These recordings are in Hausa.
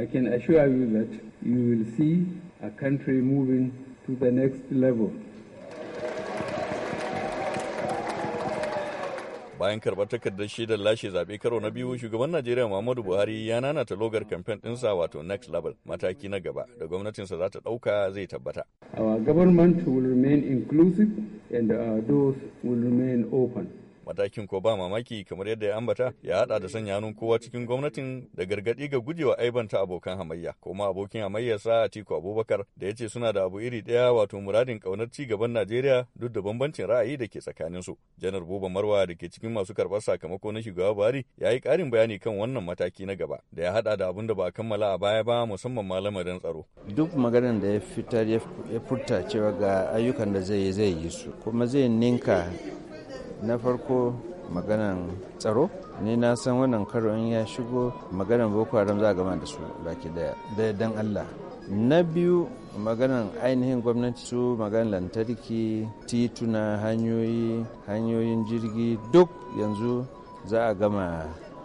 I can assure you that you will see a country moving to the next level. bayan karɓar takardar shaidar lashe zaɓe karo na biyu shugaban najeriya muhammadu buhari ya nana ta logar kamfen ɗinsa wato next level mataki na gaba da gwamnatinsa za ta ɗauka zai tabbata our government will remain inclusive and our doors will remain open matakin ko ba mamaki kamar yadda ya ambata ya hada da sanya hannun kowa cikin gwamnatin da gargadi ga gujewa aibanta abokan hamayya kuma abokin hamayyarsa Atiku Abubakar da ya ce suna da abu iri daya wato muradin kaunar ci gaban Najeriya duk da bambancin ra'ayi da ke tsakanin su janar Buba Marwa da ke cikin masu karɓar sakamako na shugaba Buhari ya yi ƙarin bayani kan wannan mataki na gaba da ya hada da abun da ba a kammala a baya ba musamman ma lamarin tsaro duk maganar da ya fitar ya furta cewa ga ayyukan da zai yi zai yi su kuma zai ninka na farko maganan tsaro ni na san wannan karo in ya shigo maganan boko haram za a gama da su baki daya da dan allah na biyu maganan ainihin gwamnati su maganan lantarki tituna hanyoyi hanyoyin jirgi duk yanzu za a gama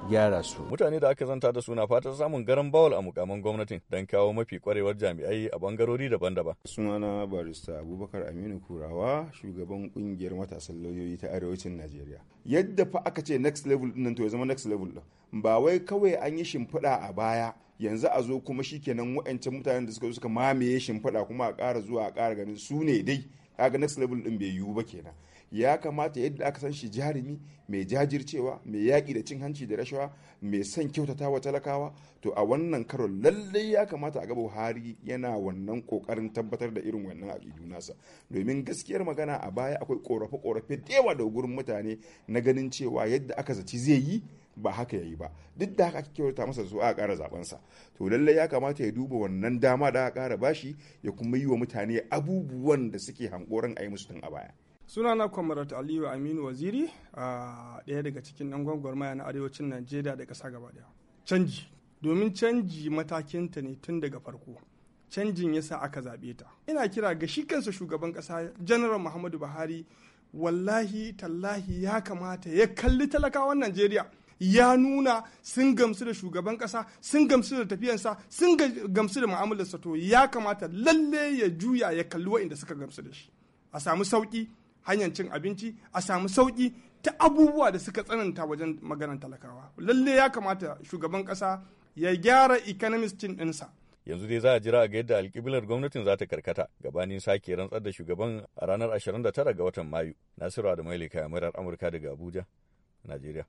gyara su. Mutane da aka zanta da suna fatan samun garan bawal a mukaman gwamnatin don kawo mafi kwarewar jami'ai a bangarori daban-daban. Sunana barista Abubakar Aminu Kurawa shugaban kungiyar matasan lauyoyi ta arewacin Najeriya. Yadda fa aka ce next level din nan to ya zama next level din. Ba wai kawai an yi shimfiɗa a baya yanzu a zo kuma shikenan wa'ancan mutanen da suka zo suka mamaye shimfiɗa kuma a ƙara zuwa a ƙara ganin su ne dai kaga next level din bai yiwu ba kenan. ya kamata yadda aka san shi jarumi mai jajircewa mai yaƙi da cin hanci da rashawa mai son kyautata wa talakawa to a wannan karo lallai ya kamata a ga buhari yana wannan ƙoƙarin tabbatar da irin wannan aƙidu nasa domin gaskiyar magana a baya akwai ƙorafe ƙorafe da yawa da gurin mutane na ganin cewa yadda aka zaci zai yi ba haka ya yi ba duk da haka ake kyauta masa zuwa a ƙara sa to lallai ya kamata ya duba wannan dama da aka ƙara bashi ya kuma yi wa mutane abubuwan da suke hankoran a yi musu tun a baya sunana kwamarat aliyu aminu waziri a ɗaya daga cikin ɗan gwagwarmaya na arewacin najeriya da ƙasa gaba ɗaya canji domin canji matakinta ne tun daga farko canjin ya sa aka zaɓe ta ina kira ga shi kansa shugaban ƙasa janaral muhammadu buhari wallahi tallahi ya kamata ya kalli talakawan najeriya ya nuna sun gamsu da shugaban kasa sun gamsu da tafiyansa sun gamsu da mu'amalarsa to ya kamata lalle ya juya ya kalli wa'inda suka gamsu da shi a samu sauki hanyar cin abinci a samu sauƙi ta abubuwa da suka tsananta wajen maganar talakawa lalle ya kamata shugaban ƙasa ya gyara economist ɗinsa yanzu dai za a jira ga yadda alkiblar gwamnatin za ta karkata gabanin sake rantsar da shugaban a ranar 29 ga watan mayu nasiru da ya murar amurka daga abuja najeriya